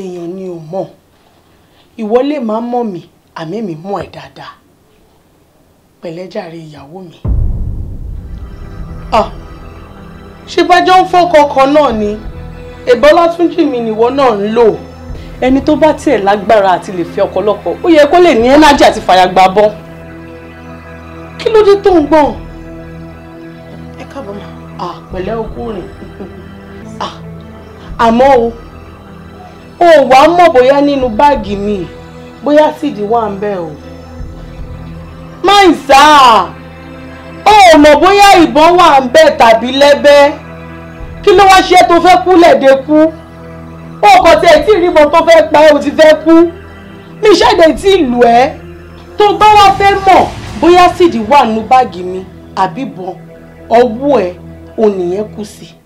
èèyàn ni ò mọ̀ ìwọ lè má mọ̀ mí àmì mi mọ̀ ẹ́ dáadáa pẹ̀lẹ́jàre ìyàwó mi. ṣé bájọ́ ń fọ́kọ ọkọ náà ni ẹbọ Ọlátúnjí mi nìwọ náà ń lò. ẹni tó bá tiẹ̀ lágbára àti lè fi ọkọ lọ́kọ ó yẹ kó lè ní ẹ́nájì àti fàyàgbà bọ́. kí ló dé tó ń gbọ̀n. ẹ káàbọ̀ mà. pẹ̀lẹ́ okùnrin àmọ́ o o wà á mọ̀ bóyá nínú báàgì mi bóyá sídìí wà ń bẹ̀ o máì sá o ò mọ̀ bóyá ìbọn wà ń bẹ̀ tàbí lẹ́bẹ́ kí ló wá ṣe tó fẹ́ kú lẹ́dẹ̀ kú o kò tẹ̀ tí ìrìbọn tó fẹ́ pa ẹ́ o ti fẹ́ kú mi ṣàdé tí ìlú ẹ́ tó bá wá fẹ́ mọ̀ bóyá sídìí wà nínú báàgì mi àbíbọn ọwọ́ ẹ̀ ònìyẹn kù sí i.